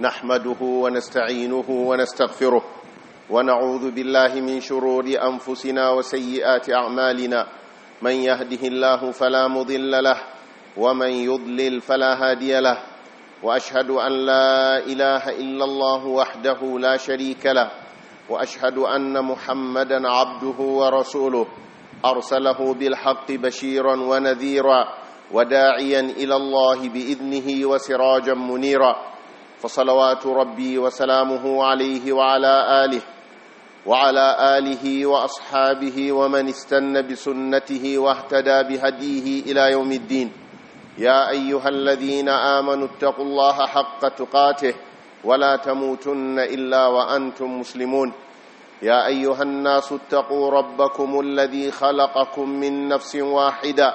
نحمده ونستعينه ونستغفره ونعوذ بالله من شرور أنفسنا وسيئات أعمالنا من يهده الله فلا مضل له ومن يضلل فلا هادي له وأشهد أن لا إله إلا الله وحده لا شريك له وأشهد أن محمدا عبده ورسوله أرسله بالحق بشيرا ونذيرا وداعيا إلى الله بإذنه وسراجا منيرا فصلوات ربي وسلامه عليه وعلى آله وعلى آله وأصحابه ومن استن بسنته واهتدى بهديه إلى يوم الدين يا أيها الذين آمنوا اتقوا الله حق تقاته ولا تموتن إلا وأنتم مسلمون يا أيها الناس اتقوا ربكم الذي خلقكم من نفس واحدة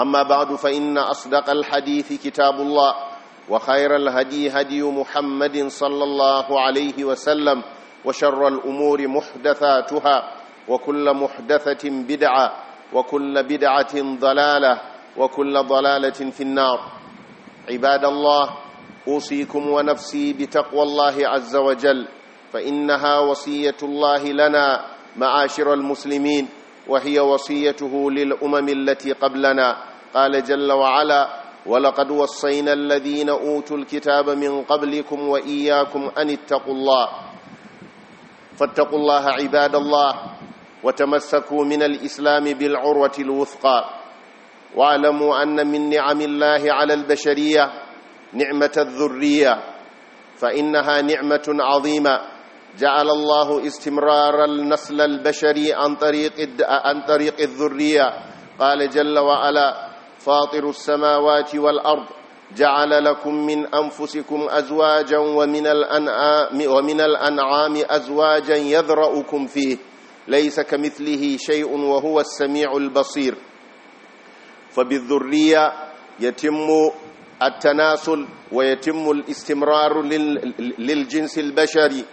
أما بعد فإن أصدق الحديث كتاب الله وخير الهدي هدي محمد صلى الله عليه وسلم وشر الأمور محدثاتها وكل محدثة بدعة وكل بدعة ضلالة وكل ضلالة في النار عباد الله أوصيكم ونفسي بتقوى الله عز وجل فإنها وصية الله لنا معاشر المسلمين وهي وصيته للأمم التي قبلنا قال جل وعلا ولقد وصينا الذين أوتوا الكتاب من قبلكم وإياكم أن اتقوا الله فاتقوا الله عباد الله وتمسكوا من الإسلام بالعروة الوثقى واعلموا أن من نعم الله على البشرية نعمة الذرية فإنها نعمة عظيمة جعل الله استمرار النسل البشري عن طريق عن طريق الذرية قال جل وعلا فاطر السماوات والأرض جعل لكم من أنفسكم أزواجا ومن الأنعام, ومن الأنعام أزواجا يذرأكم فيه ليس كمثله شيء وهو السميع البصير فبالذرية يتم التناسل ويتم الاستمرار للجنس البشري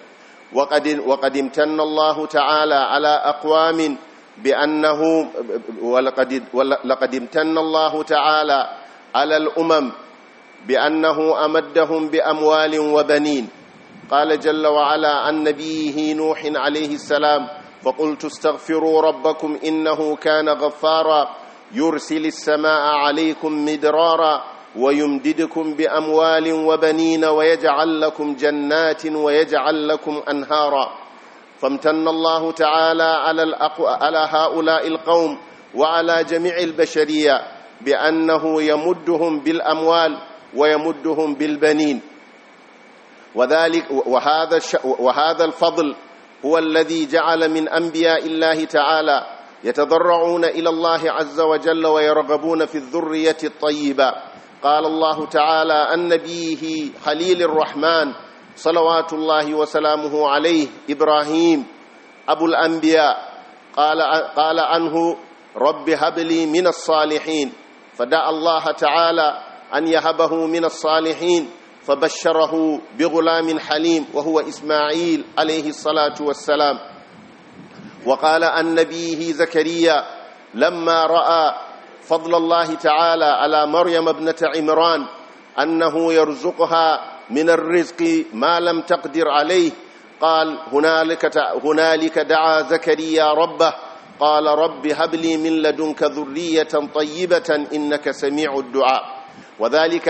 وقد, وقد امتن الله تعالى على أقوام بأنه ولقد, ولقد امتن الله تعالى على الأمم بأنه أمدهم بأموال وبنين قال جل وعلا عن نبيه نوح عليه السلام فقلت استغفروا ربكم إنه كان غفارا يرسل السماء عليكم مدرارا ويمددكم بأموال وبنين ويجعل لكم جنات ويجعل لكم أنهارا فامتن الله تعالى على, على هؤلاء القوم وعلى جميع البشرية بأنه يمدهم بالأموال ويمدهم بالبنين وذلك وهذا وهذا الفضل هو الذي جعل من أنبياء الله تعالى يتضرعون إلى الله عز وجل ويرغبون في الذرية الطيبة قال الله تعالى عن نبيه خليل الرحمن صلوات الله وسلامه عليه إبراهيم أبو الأنبياء قال, قال عنه رب هب لي من الصالحين فدعا الله تعالى أن يهبه من الصالحين فبشره بغلام حليم وهو إسماعيل عليه الصلاة والسلام وقال عن نبيه زكريا لما رأى فضل الله تعالى على مريم ابنة عمران أنه يرزقها من الرزق ما لم تقدر عليه قال هنالك, هنالك دعا زكريا ربه قال رب هب لي من لدنك ذرية طيبة إنك سميع الدعاء وذلك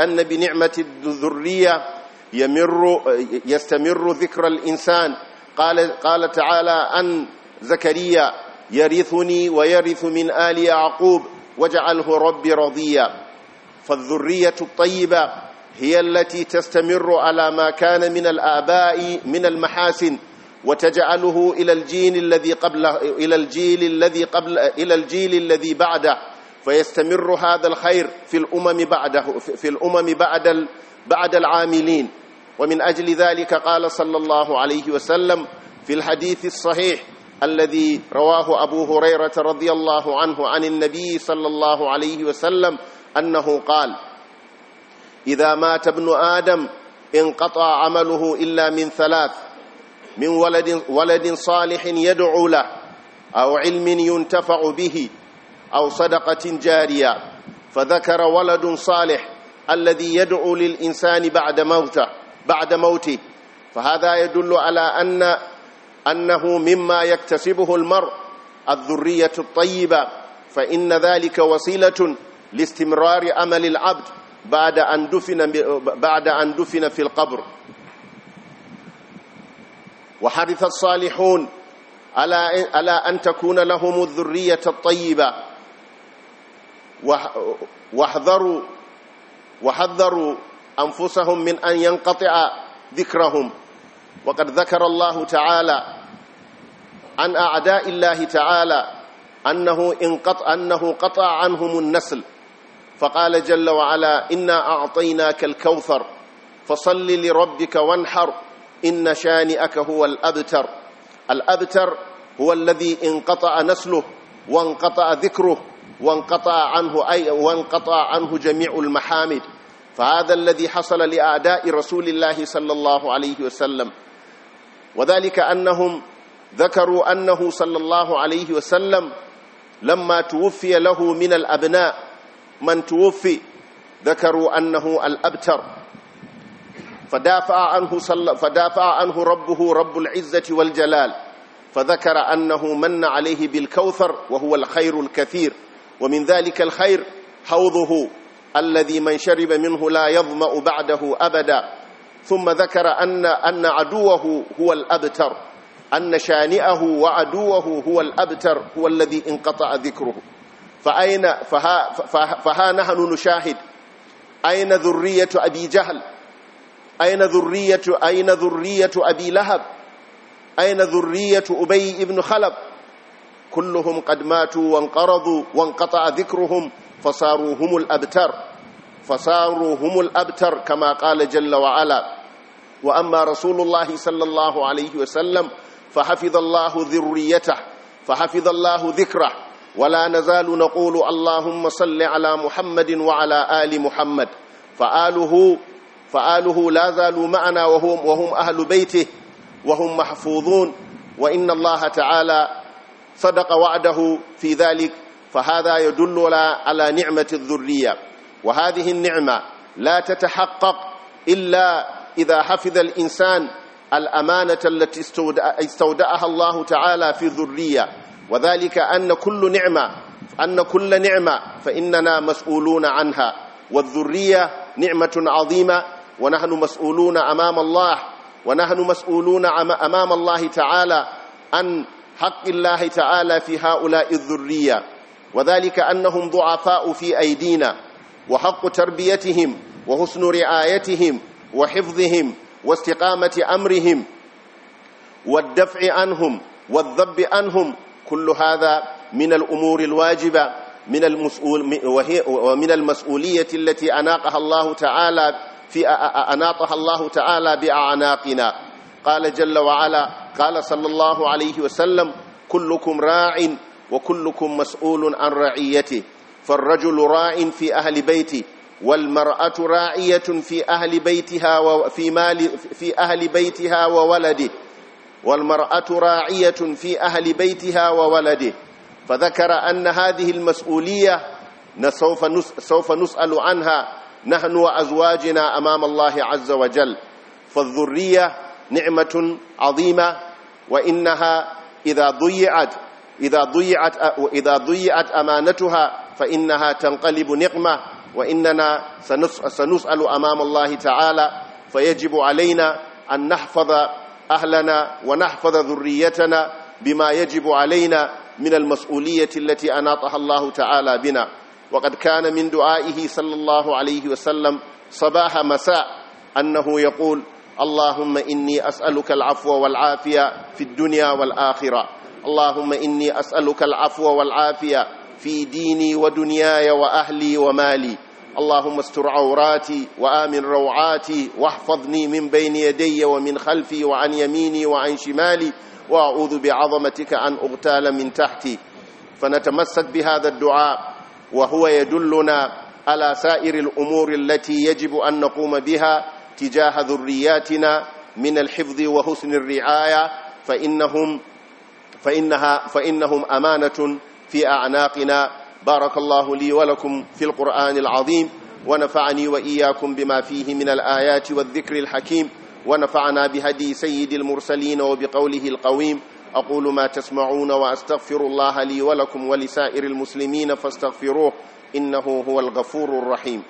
أن بنعمة الذرية يمر يستمر ذكر الإنسان قال, قال تعالى أن زكريا يرثني ويرث من آل يعقوب واجعله ربي رضيا فالذرية الطيبة هي التي تستمر على ما كان من الآباء من المحاسن وتجعله إلى الجيل الذي قبله إلى الجيل الذي قبل إلى الجيل الذي بعده فيستمر هذا الخير في الأمم بعده في الأمم بعد بعد العاملين ومن أجل ذلك قال صلى الله عليه وسلم في الحديث الصحيح الذي رواه أبو هريرة رضي الله عنه عن النبي صلى الله عليه وسلم أنه قال إذا مات ابن آدم انقطع عمله إلا من ثلاث من ولد, ولد صالح يدعو له أو علم ينتفع به أو صدقة جارية فذكر ولد صالح الذي يدعو للإنسان بعد موته بعد موته فهذا يدل على أن أنه مما يكتسبه المرء الذرية الطيبة فإن ذلك وسيلة لاستمرار أمل العبد بعد أن دفن, بعد أن دفن في القبر وحرث الصالحون على أن تكون لهم الذرية الطيبة واحذروا وحذروا أنفسهم من أن ينقطع ذكرهم وقد ذكر الله تعالى عن أعداء الله تعالى أنه, انقطع أنه قطع عنهم النسل فقال جل وعلا إنا أعطيناك الكوثر فصل لربك وانحر إن شانئك هو الأبتر الأبتر هو الذي انقطع نسله وانقطع ذكره وانقطع عنه أي وانقطع عنه جميع المحامد فهذا الذي حصل لأعداء رسول الله صلى الله عليه وسلم وذلك أنهم ذكروا أنه صلى الله عليه وسلم لما توفي له من الأبناء من توفي ذكروا أنه الأبتر فدافع عنه, صلى فدافع عنه ربه رب العزة والجلال فذكر أنه من عليه بالكوثر وهو الخير الكثير ومن ذلك الخير حوضه الذي من شرب منه لا يظمأ بعده أبدا ثم ذكر أن, أن عدوه هو الأبتر أن شانئه وعدوه هو الأبتر هو الذي انقطع ذكره فأين فها, فها, فها نحن نشاهد أين ذرية أبي جهل أين ذرية, أين ذرية أبي لهب أين ذرية أبي بن خلب كلهم قد ماتوا وانقرضوا وانقطع ذكرهم فصاروا هم الأبتر fasaru humul abtar kama kala jalla wa'ala wa amma rasulullahi sallallahu fa wasallam fahafidallahu zirriyata fahafidallahu zikra wala nazalu naqulu allahumma salli ala muhammadin wa ala ali muhammad fa'aluhu fa'aluhu la ma'ana wa hum wa ahlu baytihi wa hum wa inna ta'ala sadaqa wa'dahu fi dhalik fa ya yadullu ala ni'mati adh وهذه النعمة لا تتحقق إلا إذا حفظ الإنسان الأمانة التي استودعها الله تعالى في ذرية وذلك أن كل نعمة أن كل نعمة فإننا مسؤولون عنها والذرية نعمة عظيمة ونحن مسؤولون أمام الله ونحن مسؤولون أمام الله تعالى عن حق الله تعالى في هؤلاء الذرية وذلك أنهم ضعفاء في أيدينا وحق تربيتهم وحسن رعايتهم وحفظهم واستقامة أمرهم والدفع عنهم والذب عنهم كل هذا من الأمور الواجبة من المسؤول ومن المسؤولية التي أناقها الله تعالى في أناطها الله تعالى بأعناقنا قال جل وعلا قال صلى الله عليه وسلم كلكم راع وكلكم مسؤول عن رعيته فالرجل راع في أهل بيته والمرأة راعية في أهل بيتها وفي مال في أهل بيتها وولده والمرأة راعية في أهل بيتها وولده فذكر أن هذه المسؤولية سوف سوف نسأل عنها نحن وأزواجنا أمام الله عز وجل فالذرية نعمة عظيمة وإنها إذا ضيعت إذا ضيعت إذا ضيعت أمانتها فإنها تنقلب نقمة وإننا سنسأل أمام الله تعالى فيجب علينا أن نحفظ أهلنا ونحفظ ذريتنا بما يجب علينا من المسؤولية التي أناطها الله تعالى بنا وقد كان من دعائه صلى الله عليه وسلم صباح مساء أنه يقول اللهم إني أسألك العفو والعافية في الدنيا والآخرة اللهم إني أسألك العفو والعافية في ديني ودنياي وأهلي ومالي اللهم استر عوراتي وآمن روعاتي واحفظني من بين يدي ومن خلفي وعن يميني وعن شمالي وأعوذ بعظمتك أن أغتال من تحتي فنتمسك بهذا الدعاء وهو يدلنا على سائر الأمور التي يجب أن نقوم بها تجاه ذرياتنا من الحفظ وحسن الرعاية فإنهم فإنها فإنهم أمانة في أعناقنا بارك الله لي ولكم في القرآن العظيم ونفعني وإياكم بما فيه من الآيات والذكر الحكيم ونفعنا بهدي سيد المرسلين وبقوله القويم أقول ما تسمعون وأستغفر الله لي ولكم ولسائر المسلمين فاستغفروه إنه هو الغفور الرحيم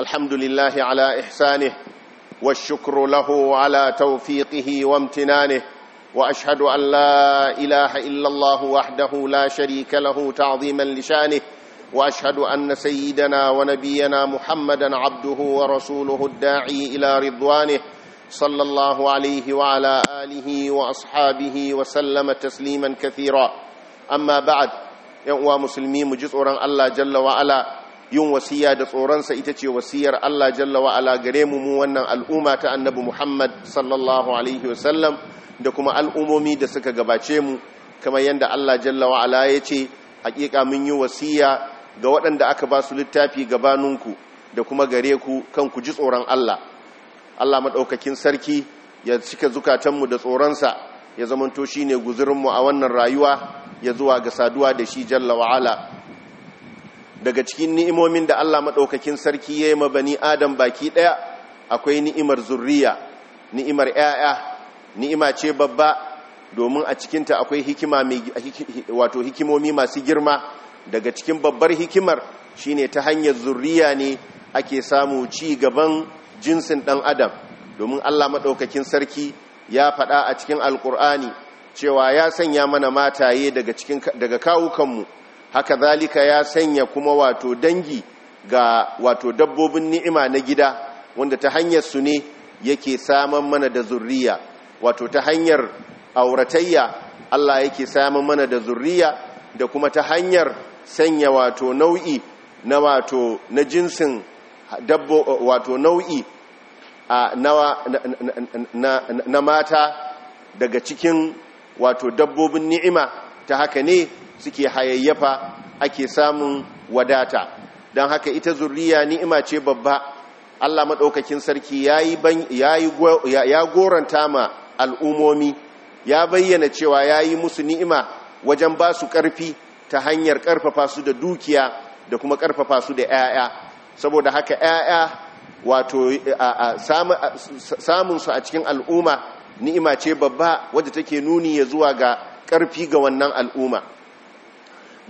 الحمد لله على إحسانه والشكر له على توفيقه وامتنانه وأشهد أن لا إله إلا الله وحده لا شريك له تعظيما لشانه وأشهد أن سيدنا ونبينا محمدا عبده ورسوله الداعي إلى رضوانه صلى الله عليه وعلى آله وأصحابه وسلم تسليما كثيرا أما بعد يا مسلمين مجزء الله جل وعلا yin wasiya da tsoronsa ita ce wasiyar Allah jalla wa'ala gare mu mu wannan al'umma ta annabi Muhammad sallallahu alaihi wasallam da kuma al'umomi da suka gabace mu kamar yadda Allah jalla wa'ala ya ce hakika mun yi wasiya ga waɗanda aka ba su littafi gabaninku da kuma gare ku kan ku ji tsoron Allah Allah maɗaukakin sarki ya cika zukatanmu da tsoronsa ya zamanto shi ne guzurinmu a wannan rayuwa ya zuwa ga saduwa da shi jalla wa'ala daga cikin ni'imomin da Allah maɗaukakin sarki ya yi ma bani adam baki ɗaya akwai ni'imar zurriya ni'imar ‘ya'ya ni'ima ce babba domin a cikinta akwai hikima mai wato hikimomi masu girma daga cikin babbar hikimar shine ta hanyar zurriya ne ake samu ci gaban jinsin ɗan adam domin Allah maɗaukakin sarki ya faɗa a cikin alƙur'ani cewa ya sanya mana mataye daga kawukanmu haka zalika ya sanya kuma wato dangi ga wato dabbobin ni'ima na gida wanda ta hanyar su ne yake saman mana da zurriya wato ta hanyar auratayya Allah yake saman mana da zurriya da kuma ta hanyar sanya wato nau'i na wato na jinsin dabbo wato nau'i na mata daga cikin wato dabbobin ni'ima ta haka ne suke hayayyafa ake samun wadata don haka ita zurriya ni'ima ce babba Allah maɗaukakin sarki ya goranta ma al'umomi ya bayyana cewa ya yi musu ni'ima wajen ba su ƙarfi ta hanyar ƙarfafa su da dukiya da kuma ƙarfafa su da ‘ya'ya saboda haka ‘ya'ya wato samunsu a cikin al'umma ni'ima ce babba wadda take nuni ya zuwa ga ƙarfi ga wannan al'umma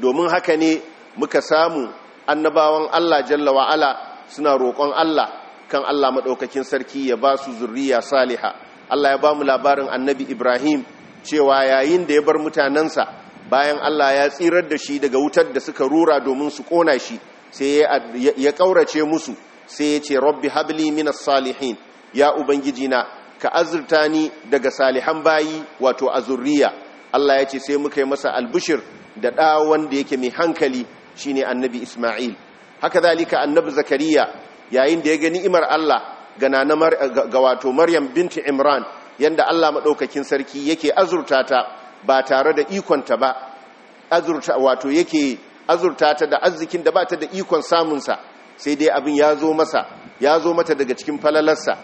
domin haka ne muka samu annabawan Allah jalla wa'ala suna roƙon Allah kan Allah maɗaukakin sarki ya ba su zurriya saliha Allah ya ba mu labarin annabi Ibrahim cewa yayin da ya bar mutanensa bayan Allah ya tsirar da shi daga wutar da suka rura domin su ƙona shi sai ya ƙaurace musu sai ya ce rabbi habli minas salihin ya ubangiji na ka azurta ni daga salihan bayi wato a zurriya Allah ya ce sai muka yi masa albushir da ɗa wanda yake mai hankali shine annabi Ismail haka zalika annabi Zakariya yayin da ya ga ni'imar Allah ga wato Maryam binti Imran yadda Allah maɗaukakin sarki yake azurta ta ba tare da ikonta ba azurta wato yake azurta ta da arzikin da ba ta da ikon samunsa sai dai abin ya zo masa ya zo mata daga cikin falalarsa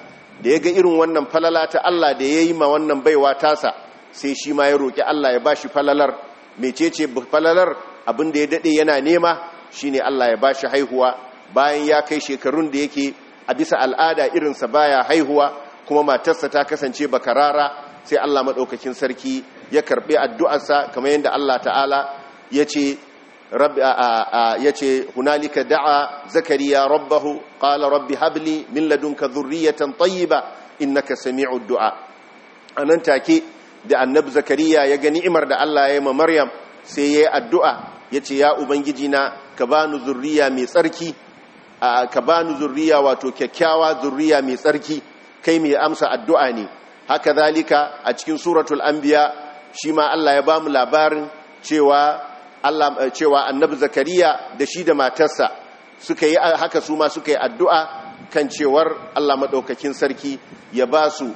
da ya ga irin wannan falala ta Allah da ya yi ma wannan baiwa tasa sai shi ma ya roƙi Allah ya ba shi falalar mecece falalar abin da ya dade yana nema shine Allah ya bashi haihuwa bayan ya kai shekarun da yake a bisa al'ada irinsa baya haihuwa kuma matarsa ta kasance bakarara sai Allah madaukakin sarki ya karbi addu'arsa kamar yadda Allah ta'ala yace رب يتي هنالك دعا زكريا ربه قال رب هب لي من لدنك ذرية sami addu'a a nan take da annabi zakariya ya gani imar da Allah ya yi ma maryam sai ya yi addu'a ya ce ya ubangiji na ka ba ni zurriya mai tsarki ka ba ni zurriya wato kyakkyawa zurriya mai tsarki kai mai amsa addu'a ne haka zalika a cikin suratul anbiya shi ma Allah ya ba mu labarin cewa Allah cewa annabi zakariya da shi da matarsa suka yi haka su ma suka yi addu'a kan cewar Allah maɗaukakin sarki ya ba su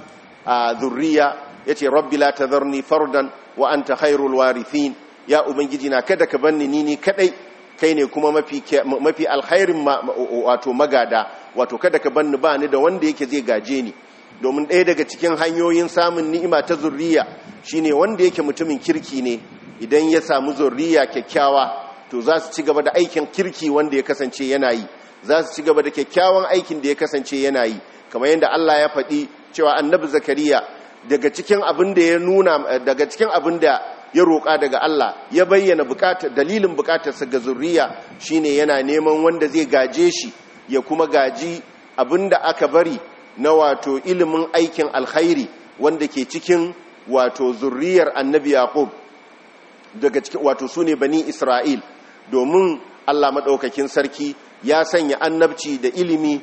zurriya yace rabbi la zarni fardan wa anta khairul warithin ya ubangiji na kada ka banni ni ni kadai kai ne kuma mafi mafi alkhairin wato magada wato kada ka banni ba ni da wanda yake zai gaje ni domin ɗaya daga cikin hanyoyin samun ni'ima ta zurriya shine wanda yake mutumin kirki ne idan ya samu zurriya kyakkyawa to za su ci gaba da aikin kirki wanda ya kasance yana yi za su ci gaba da kyakkyawan aikin da ya kasance yana yi kamar yadda Allah ya faɗi cewa annabi zakariya daga cikin abin da ya nuna daga cikin abin da ya roƙa daga Allah ya bayyana bukatar dalilin bukatarsa ga zurriya shine yana neman wanda zai gaje shi ya kuma gaji abin da aka bari na wato ilimin aikin alkhairi wanda ke cikin wato zurriyar annabi yaqub daga cikin wato sune bani isra'il domin Allah madaukakin sarki ya sanya annabci da ilimi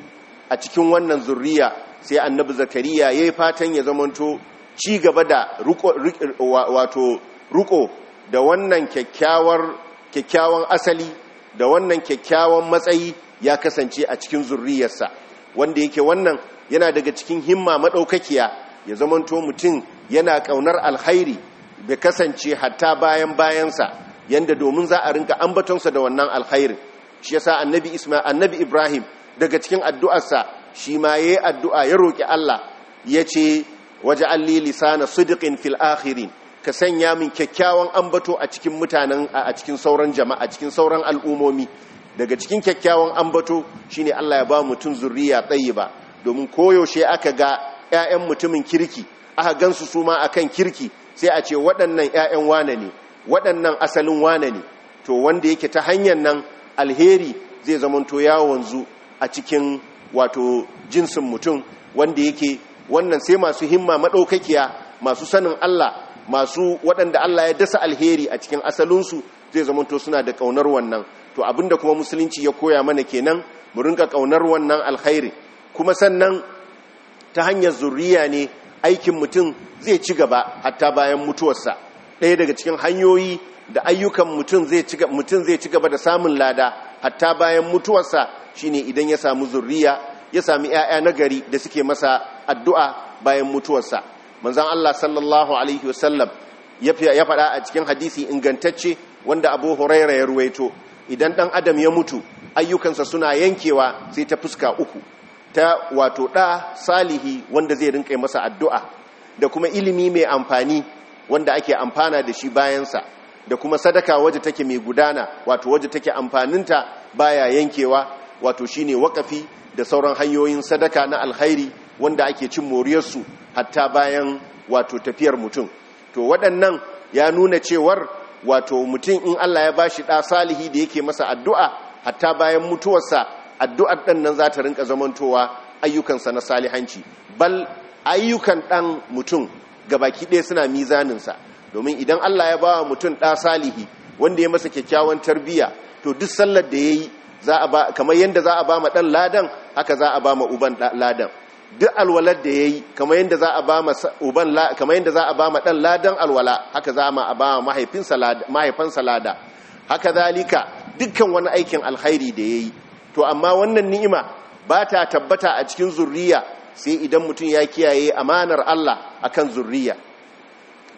a cikin wannan zurriya sai annabi zakariya ya yi fatan ya zamanto ci gaba da ruko da wannan kyakkyawan asali da wannan kyakkyawan matsayi ya kasance a cikin zurriyarsa wanda yake wannan yana daga cikin himma maɗaukakiya ya zamanto mutum yana ƙaunar alhairi bai kasance hatta bayan bayansa yanda domin za a rinka ambatonsa da wannan alkhairin shi yasa sa annabi ibrahim daga cikin addu'arsa shi ma yayi addu'a ya roƙi Allah ya yace waje alli lisana na fil akhirin ka sanya min kyakkyawan ambato a cikin mutanen a cikin sauran jama'a a cikin sauran al'umomi daga cikin kyakkyawan ambato ne Allah ya ba mutum zurriya zuriya ba domin koyaushe aka ga 'ya'yan mutumin kirki aka gansu su ma a kan kirki sai a ce waɗannan 'ya'yan wane ne waɗannan asalin wane ne to wanda yake ta hanyar nan alheri zai zamanto ya wanzu a cikin wato jinsin mutum wanda yake wannan sai masu himma maɗaukakiya masu sanin Allah masu waɗanda Allah ya dasa alheri a cikin asalinsu zai zamanto suna da ƙaunar wannan to abinda kuma musulunci ya koya mana kenan mu rinka ƙaunar wannan alheri. kuma sannan ta hanyar zurriya ne aikin mutum zai ci gaba hatta bayan mutuwarsa ɗaya daga cikin hanyoyi da ayyukan mutum zai ci gaba da samun lada hatta bayan mutuwarsa shine idan ya samu zurriya ya sami ƴaƴa nagari da suke masa addu'a bayan mutuwarsa manzon Allah sallallahu alaihi wasallam ya faɗa a cikin hadisi ingantacce wanda Abu Huraira ya ruwaito idan dan adam ya mutu ayyukansa suna yankewa sai ta fuska uku ta wato ɗa salihi wanda zai rinka masa addu'a da kuma ilimi mai amfani wanda ake amfana da shi bayansa da kuma sadaka waje take mai gudana wato waje take amfaninta baya yankewa wato shine wakafi da sauran hanyoyin sadaka na alkhairi wanda ake cin moriyarsu hatta bayan wato tafiyar mutum to waɗannan ya nuna cewar wato mutum in Allah ya bashi ɗa salihi da yake masa addu'a hatta bayan mutuwarsa addu'ar ɗan nan za ta rinka zamantowa ayyukansa na salihanci bal ayyukan ɗan mutum gabaki ɗaya suna mizaninsa domin idan Allah ya ba mutum ɗa salihi wanda ya masa kyakkyawan tarbiya to duk sallar da ya yi kamar yadda za a ba ma dan ladan haka za a ba ma uban ladan duk alwalar da ya yi kamar yadda za a ba ma dan ladan alwala haka za a ba mahaifinsa lada mahaifansa lada haka zalika dukkan wani aikin alhairi da ya yi to amma wannan ni'ima ba ta tabbata a cikin zurriya sai idan mutum ya kiyaye amanar Allah akan zurriya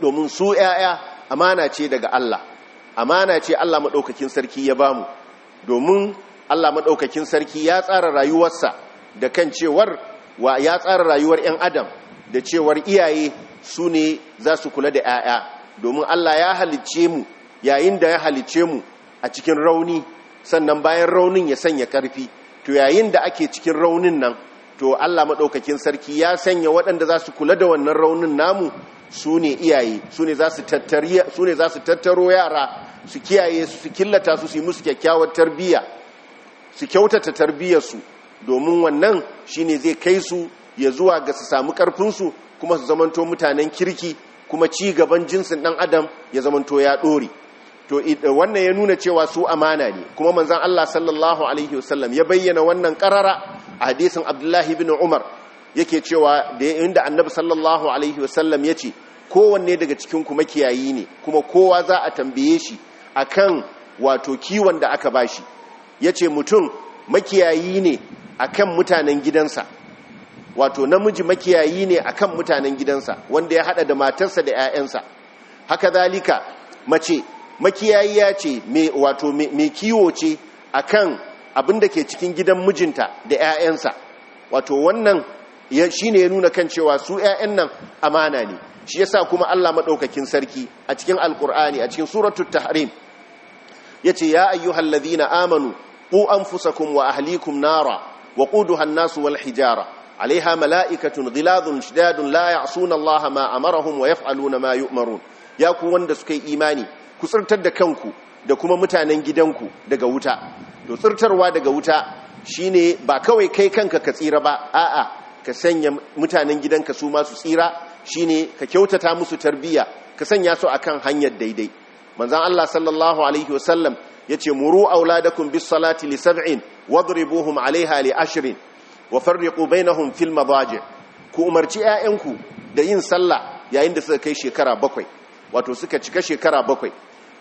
domin su ‘ya'ya amana ce daga Allah amana ce Allah maɗaukakin sarki ya bamu domin Allah maɗaukakin sarki ya tsara rayuwarsa da kan cewar wa ya tsara rayuwar ‘yan adam da cewar iyaye su ne za su kula da ‘ya'ya domin Allah ya halicce mu yayin da ya halicce mu a cikin rauni sannan bayan raunin ya sanya ƙarfi to yayin da ake cikin raunin nan to Allah maɗaukakin sarki ya sanya waɗanda za su kula da wannan raunin namu su ne iyaye su ne za su tattaro yara su kiyaye su killata su su musu kyakkyawar tarbiyya su kyautata tarbiyyarsu domin wannan shine zai kai su ya zuwa ga su samu karfinsu kuma su zamanto mutanen kirki kuma ci gaban jinsin dan adam ya zamanto ya dore to wannan ya nuna cewa su amana ne kuma manzon Allah sallallahu alaihi wasallam ya bayyana wannan karara a hadisin Abdullahi ibn Umar yake cewa da inda annabi sallallahu alaihi wasallam ya ce kowanne daga cikin cikinku makiyayi ne kuma kowa za a tambaye shi akan wato kiwon da aka bashi ya ce mutum makiyayi ne akan mutanen gidansa wato namiji makiyayi ne akan mutanen gidansa wanda ya hada da matarsa da 'ya'yansa haka zalika mace makiyayi ya ce wato mai kiwo ce akan abin da ke cikin gidan mijinta da 'ya'yansa wato wannan shi ne ya nuna kan cewa su 'ya'yan nan amana ne shi yasa kuma Allah maɗaukakin sarki a cikin alkur'ani a cikin suratul tahrim ya ce ya ayyuhal ladhina amanu ku anfusakum wa ahlikum nara wa ƙudu hannasu wal hijara alaiha mala'ikatun ghiladun shidadun la ya'suna Allah ma amarahum wa yaf'aluna ma yu'marun ya ku wanda suka yi imani ku tsirtar da kanku da kuma mutanen gidanku daga wuta to tsirtarwa daga wuta shine ba kawai kai kanka ka tsira ba a'a ka sanya mutanen gidanka su masu tsira shi ne ka kyautata musu tarbiyya ka sanya su a kan hanyar daidai manzan Allah sallallahu alaihi wasallam ce muru auladakum bis salati li sab'in wadribuhum alaiha li ashirin wa farriqu bainahum fil madaji ku umarci 'ya'yanku da yin sallah yayin da suka kai shekara bakwai wato suka cika shekara bakwai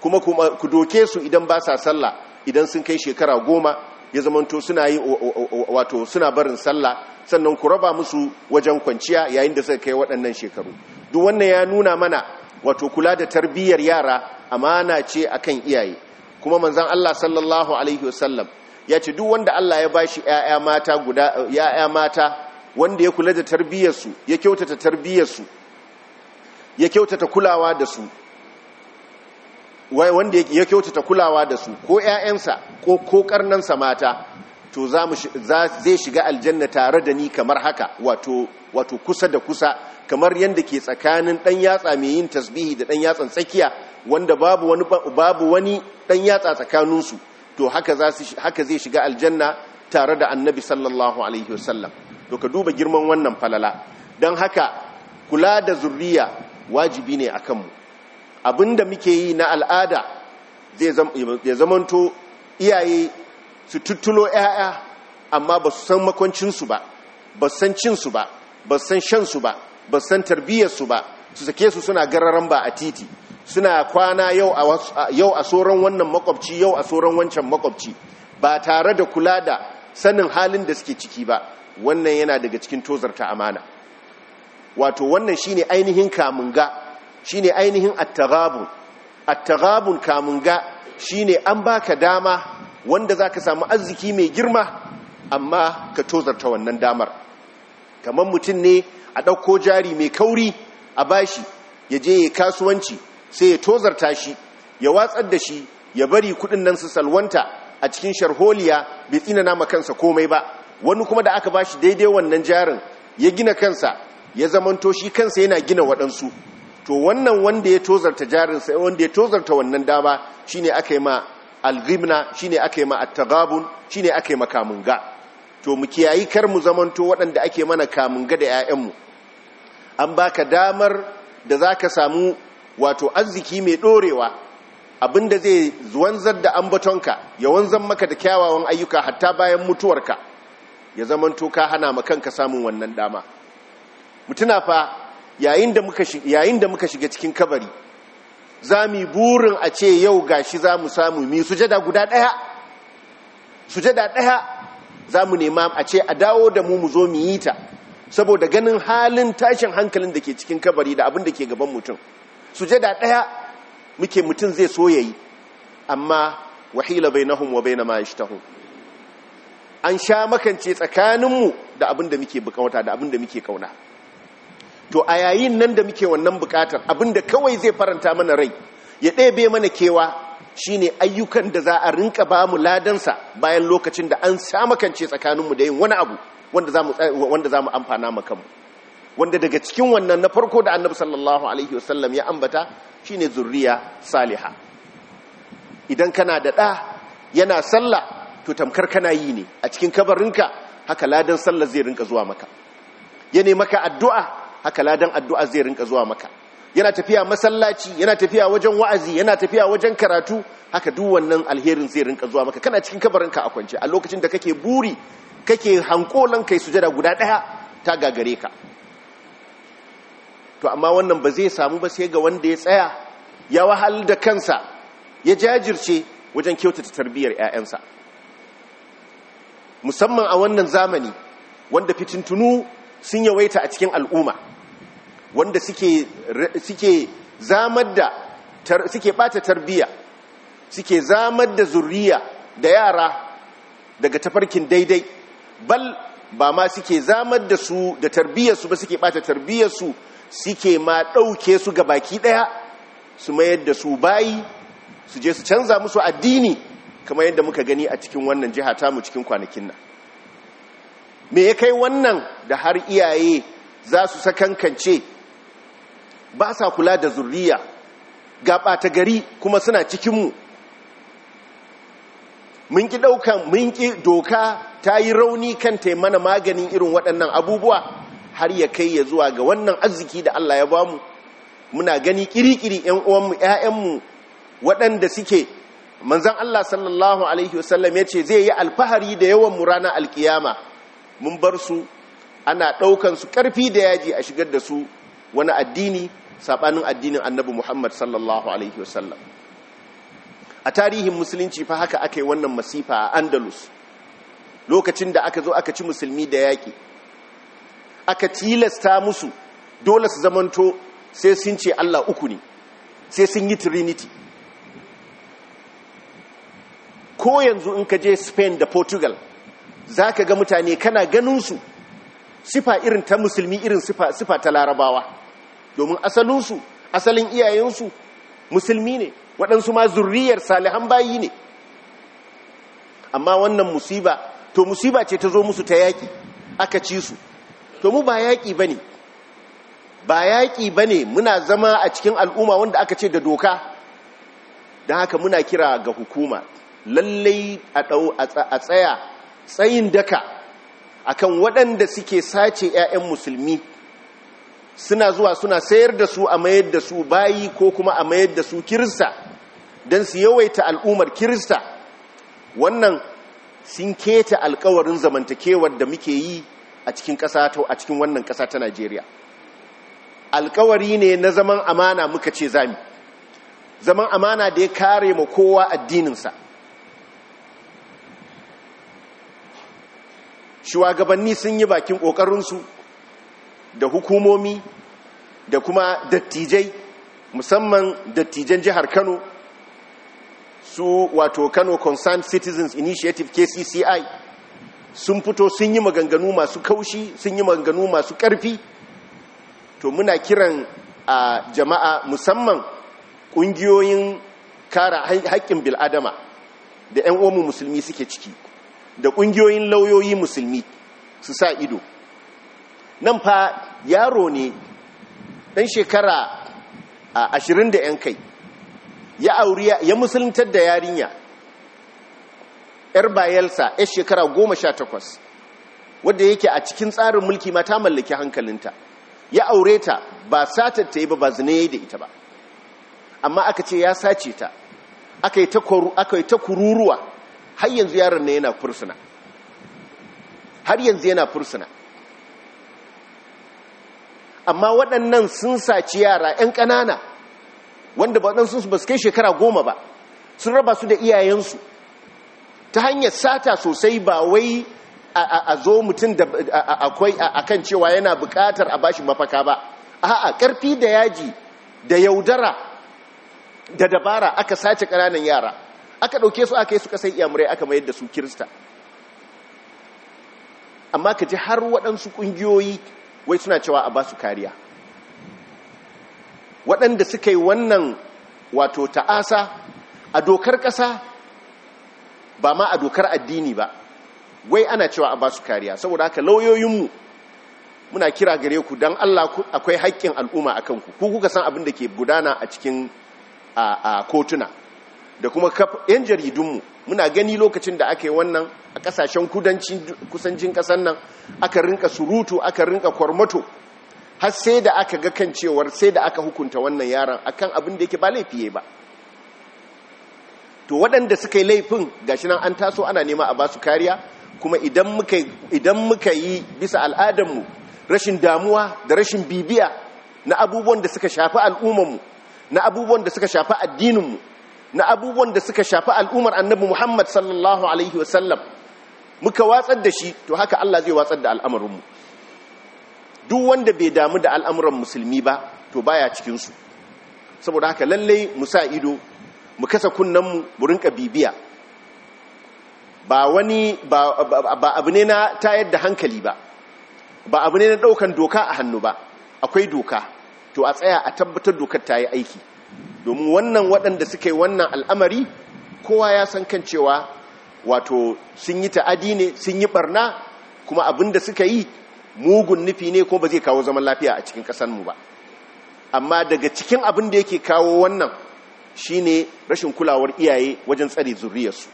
kuma ku doke su idan ba sa sallah idan sun kai shekara goma ya zamanto suna yi wato suna barin sallah sannan ku raba musu wajen kwanciya yayin da suka kai waɗannan shekaru duk wannan ya nuna mana wato kula da tarbiyyar yara amana ce akan iyaye kuma manzon Allah sallallahu alaihi wasallam ya ce duk wanda Allah ya bashi ƴaƴa mata guda ƴaƴa mata wanda ya kula da su ya kyautata su ya kyautata kulawa da su wanda ya kyautata kulawa da su ko 'ya'yansa ko ko mata to zai shiga aljanna tare da ni kamar haka wato kusa da kusa kamar yadda ke tsakanin ɗan yatsa mai yin tasbihi da ɗan yatsan tsakiya wanda babu wani babu wani ɗan yatsa tsakaninsu to haka zai shiga aljanna tare da annabi sallallahu alaihi wasallam to ka duba girman wannan falala don haka kula da zurriya wajibi ne a kanmu abinda muke yi na al'ada zai zamanto iyaye su tuttulo 'ya'ya amma ba su san makwancinsu ba ba san cinsu ba ba san shansu ba ba san tarbiyyarsu ba su sake su suna gararan ba a titi suna kwana yau a soron wannan makwabci yau a soron wancan makwabci ba tare da kula da sanin halin da suke ciki ba wannan yana daga cikin tozarta amana wato wannan shine ainihin kamunga shine ainihin attaghabun attagabun kamun ga shine an baka dama wanda za ka samu arziki mai girma amma ka tozarta wannan damar kamar mutum ne a ɗauko jari mai kauri a bashi ya je ya kasuwanci sai ya tozarta shi ya watsar da shi ya bari kudin nan su salwanta a cikin sharholiya bai tsinana ma kansa komai ba wani kuma da aka bashi daidai wannan jarin ya gina kansa ya zamanto shi kansa yana gina waɗansu to wannan wanda ya tozarta jarinsa wanda ya tozarta wannan dama shine aka yi ma shi shine aka yi ma shi shine aka yi ma kamunga to mu kiyayi kar mu zamanto waɗanda ake mana kamunga da 'ya'yanmu. an baka damar da za ka samu wato arziki mai ɗorewa abinda zai wanzar da ambatonka ya wanzan maka da kyawawan ayyuka hatta bayan mutuwarka ya zamanto ka hana ma kanka samun wannan dama mutuna fa yayin da muka shiga cikin kabari za mu burin a ce yau gashi za mu samu mi sujada guda ɗaya sujada ɗaya za mu nema a ce a dawo da mu mu zo mu yi ta saboda ganin halin tashin hankalin da ke cikin kabari da abin da ke gaban mutum sujada ɗaya muke mutum zai so yayi amma wahila bainahum wa bainama yashtahun an sha makance tsakaninmu da abin da muke bukawata da abin da muke kauna to a yayin nan da muke wannan bukatar abinda kawai zai faranta mana rai ya ɗebe mana kewa shine ayyukan da za a rinka ba mu ladansa bayan lokacin da an samakance tsakaninmu da yin wani abu wanda za mu amfana makamu. wanda daga cikin wannan na farko da annabi sallallahu alaihi wasallam ya ambata shine zurriya saliha idan kana da ɗa yana sallah to tamkar kana yi ne a cikin kabarinka haka ladan sallah zai rinka zuwa maka ya maka addu'a haka ladan addu'a zai rinka zuwa maka yana tafiya masallaci yana tafiya wajen wa'azi yana tafiya wajen karatu haka duk wannan alherin zai rinka zuwa maka kana cikin kabarinka a kwance a lokacin da kake buri kake hankolan kai sujada guda daya ta gagare ka to amma wannan ba zai samu ba sai ga wanda ya tsaya ya wahal da kansa ya jajirce wajen kyautata tarbiyar 'ya'yansa musamman a wannan zamani wanda fitintunu sun yawaita a cikin al'umma wanda suke zamar da suke bata tarbiya suke zamar da zurriya da yara daga tafarkin daidai bal ba ma suke zamar da su da tarbiyarsu ba suke bata tarbiyarsu suke ma ɗauke su ga baki ɗaya su mayar da su bayi su je su canza musu addini kamar yadda muka gani a cikin wannan jiha tamu cikin kwanakin nan me ya kai wannan da har iyaye za su sakankance ba sa kula da zurriya ga ɓata gari kuma suna cikinmu mun ki ɗaukan mun ki doka ta yi rauni kan taimana maganin irin waɗannan abubuwa har ya kai ya zuwa ga wannan arziki da Allah ya bamu muna gani kirikiri ƴan ‘ya’yanmu waɗanda suke manzan Allah sallallahu alaihi wasallam ya ce zai yi alfahari da yawan mu ranar alkiyama mun bar su ana ɗaukan su ƙarfi da yaji a shigar da su wani addini sabanin addinin annabi Muhammad sallallahu alaihi wasallam a tarihin musulunci fa haka aka yi wannan masifa a Andalus lokacin da aka zo aka ci musulmi da yaƙi aka tilasta musu dole su zamanto sai sun ce Allah uku ne sai sun yi trinity ko yanzu in ka je Spain da Portugal za ka ga mutane kana ganinsu sifa irin ta musulmi irin sifa ta larabawa domin asalinsu asalin iyayensu musulmi ne waɗansu ma zurriyar salihan bayi ne amma wannan musiba to musiba ce ta zo musu ta yaƙi aka ci su to mu ba yaƙi ba ne ba yaƙi ba ne muna zama a cikin al'umma wanda aka ce da doka don haka muna kira ga hukuma lallai a tsaya tsayin daka akan waɗanda suke sace 'ya'yan musulmi suna zuwa suna sayar da su a mayar da su bayi ko kuma a mayar da su kirista don su yawaita al'ummar kirista wannan sun keta alkawarin zamantakewar da muke yi a cikin kasa ta a cikin wannan ƙasa ta Najeriya alkawari ne na zaman amana muka ce zami zaman amana da ya kare ma kowa addininsa shugabanni sun yi bakin ƙoƙarinsu da hukumomi da kuma dattijai musamman dattijan jihar kano su wato kano concerned citizens initiative kcci sun fito sun yi maganganu masu kaushi sun yi maganganu masu karfi to muna kiran a jama'a musamman ƙungiyoyin kara haƙƙin bil'adama da 'yan omu musulmi suke ciki da ƙungiyoyin lauyoyi musulmi su sa ido nan fa yaro ne ɗan shekara ashirin da yan kai ya ya musuluntar da yarinya yar bayelsa yar shekara goma sha takwas wadda yake a cikin tsarin mulki ma ta mallaki hankalinta ya aure ta ba satar ta yi ba ba zina yi da ita ba amma aka ce ya sace ta aka yi ta kururuwa har yanzu yaron na har yanzu yana fursuna amma waɗannan sun saci yara 'yan ƙanana wanda waɗansu ba su kai shekara goma ba sun raba su da iyayensu ta hanyar sata sosai ba wai a zo mutum da akwai a kan cewa yana buƙatar a bashi mafaka ba a ƙarfi da yaji da yaudara da dabara aka sace ƙananan yara aka ɗauke su aka yi su ƙasar iyamurai aka mayar da su kirista amma ka ji har waɗansu ƙungiyoyi wai suna cewa a ba su kariya waɗanda suka yi wannan wato ta'asa a dokar ƙasa ba ma a dokar addini ba wai ana cewa a ba su kariya saboda haka lauyoyinmu muna kira gare ku don Allah akwai haƙƙin al'umma a kanku ku kuka san abin da ke gudana a cikin kotuna da kuma yan jaridunmu muna gani lokacin da aka yi wannan a kasashen kusancin kasan nan aka rinka surutu aka rinka kwarmato har sai da aka ga kan cewar sai da aka hukunta wannan yaran akan abin da yake ba laifiye ba to waɗanda suka yi laifin gashi nan an taso ana nema a basu kariya kuma idan muka yi bisa al'adarmu rashin damuwa da rashin bibiya na abubuwan da suka shafi al'ummarmu na abubuwan da suka shafi addininmu na abubuwan da suka shafi al'umar annabi Muhammad sallallahu alaihi wasallam muka watsar da shi to haka Allah zai watsar da al'amarinmu duk wanda bai damu da al'amuran musulmi ba to baya cikin su saboda haka lallai mu sa ido mu kasa kunnenmu burin rinka ba wani ba abu ne na tayar da hankali ba ba abu ne na ɗaukan doka a hannu ba akwai doka to a tsaya a tabbatar dokar ta yi aiki domin wannan waɗanda suka yi wannan al'amari kowa ya san kan cewa wato sun yi ta'adi ne sun yi barna kuma abin da suka yi mugun nufi ne ko ba zai kawo zaman lafiya a cikin ƙasanmu ba amma daga cikin abin da yake kawo wannan shine rashin kulawar iyaye wajen tsare zurriyarsu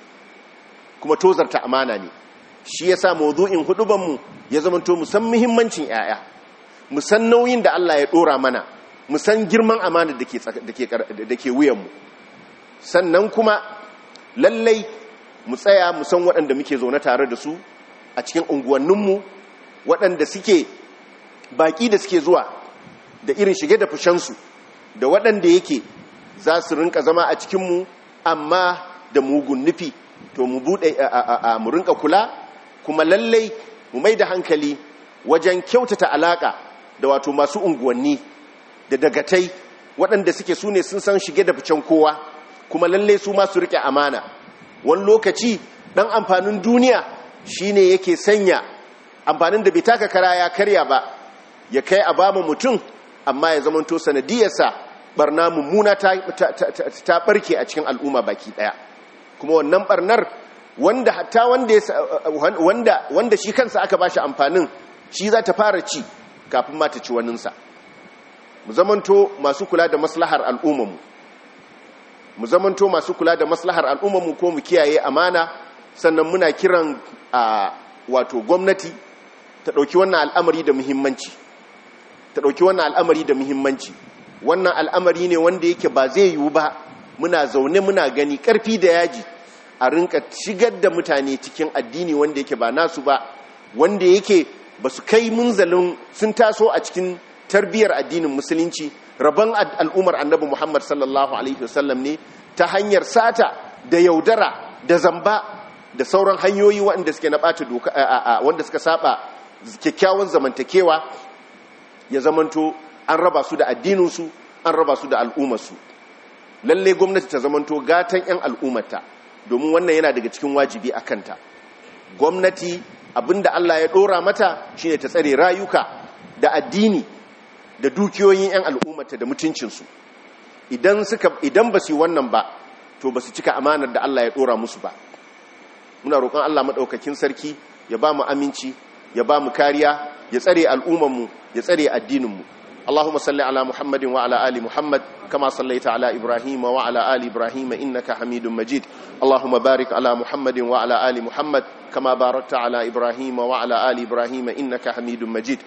kuma tozarta amana ne shi yasa mawdu'in hudubanmu ya zama zamanto musan muhimmancin 'ya'ya musan nauyin da Allah ya ɗora mana mu san girman amana da ke wuyanmu sannan kuma lallai mu tsaya mu san waɗanda muke zaune tare da su a cikin unguwanninmu waɗanda suke baƙi da suke zuwa da irin shige da fushensu da waɗanda yake za su rinka zama a cikinmu amma da mugun nufi to mu buɗe mu murinka kula kuma lallai mu mai da hankali wajen kyautata alaƙa da wato masu unguwanni da dagatai waɗanda suke su ne sun san shige da ficen kowa kuma lalle su masu riƙe amana wani lokaci ɗan amfanin duniya shi ne yake sanya amfanin da bai taka kara ya karya ba ya kai a ba mutum amma ya zamanto sanadiyarsa barna mummuna ta barke a cikin al'umma baki ɗaya kuma wannan ɓarnar wanda hatta wanda shi kansa aka ba shi amfanin shi za ta fara ci kafin ma ta ci waninsa mu zamanto masu kula da maslahar al'ummamu mu zamanto masu kula da maslahar mu ko mu kiyaye amana sannan muna kiran a wato gwamnati ta ɗauki wannan al'amari da muhimmanci ta dauki wannan al'amari da muhimmanci wannan al'amari ne wanda yake ba zai yiwu ba muna zaune muna gani karfi da yaji a rinka shigar da mutane cikin addini wanda yake ba nasu ba wanda yake ba su kai munzalin sun taso a cikin tarbiyar addinin musulunci rabon al'umar annabi muhammad sallallahu alaihi wasallam ne ta hanyar sata da yaudara da zamba da sauran hanyoyi waɗanda suke na doka wanda suka saba kyakkyawan zamantakewa ya zamanto an raba su da addininsu an raba su da al'ummarsu lalle gwamnati ta zamanto gatan 'yan al'ummata domin wannan yana daga cikin wajibi a kanta gwamnati abinda Allah ya ɗora mata shine ta tsare rayuka da addini da dukiyoyin 'yan al'ummata da mutuncinsu idan ba su wannan ba to ba su cika amanar da Allah ya ɗora musu ba muna roƙon Allah maɗaukakin sarki ya ba mu aminci ya ba mu kariya ya tsare al'ummanmu ya tsare addininmu اللهم صل على محمد وعلى آل محمد كما صليت على إبراهيم وعلى آل إبراهيم إنك حميد مجيد اللهم بارك على محمد وعلى آل محمد كما باركت على إبراهيم وعلى آل إبراهيم إنك حميد مجيد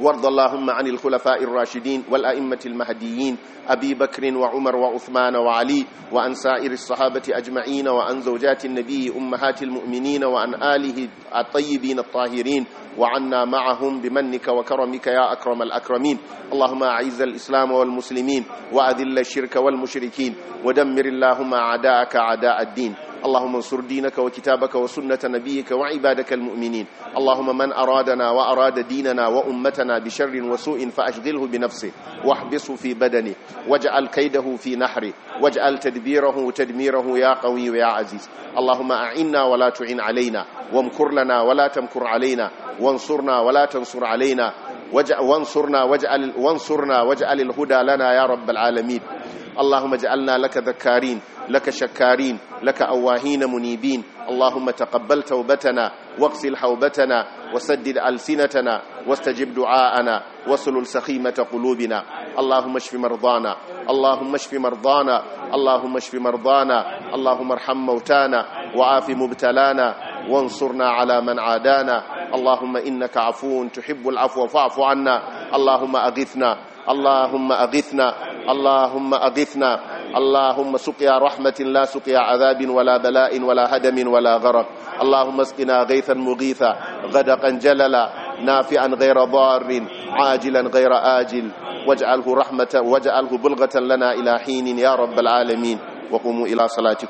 وارض اللهم عن الخلفاء الراشدين والأئمة المهديين أبي بكر وعمر وعثمان وعلي وعن سائر الصحابة أجمعين وعن زوجات النبي أمهات المؤمنين وعن آله الطيبين الطاهرين وعنا معهم بمنك وكرمك يا أكرم الأكرمين اللهم أعز الإسلام والمسلمين وأذل الشرك والمشركين ودمر اللهم أعداءك أعداء الدين اللهم انصر دينك وكتابك وسنة نبيك وعبادك المؤمنين اللهم من أرادنا وأراد ديننا وأمتنا بشر وسوء فأشغله بنفسه واحبسه في بدنه واجعل كيده في نحره واجعل تدبيره وتدميره يا قوي ويا عزيز اللهم أعنا ولا تعن علينا وامكر لنا ولا تمكر علينا وانصرنا ولا تنصر علينا وانصرنا واجعل, وانصرنا واجعل الهدى لنا يا رب العالمين اللهم اجعلنا لك ذكارين لك شكارين لك أواهين منيبين اللهم تقبل توبتنا واغسل حوبتنا وسدد ألسنتنا واستجب دعاءنا وسلل سخيمة قلوبنا اللهم اشف مرضانا اللهم اشف مرضانا اللهم اشف مرضانا اللهم ارحم موتانا وعاف مبتلانا وانصرنا على من عادانا اللهم إنك عفو تحب العفو فاعف عنا اللهم أغثنا اللهم أغثنا اللهم أغثنا اللهم سقيا رحمة لا سقيا عذاب ولا بلاء ولا هدم ولا غرق اللهم اسقنا غيثا مغيثا غدقا جللا نافعا غير ضار عاجلا غير آجل واجعله رحمة واجعله بلغة لنا إلى حين يا رب العالمين وقوموا إلى صلاتكم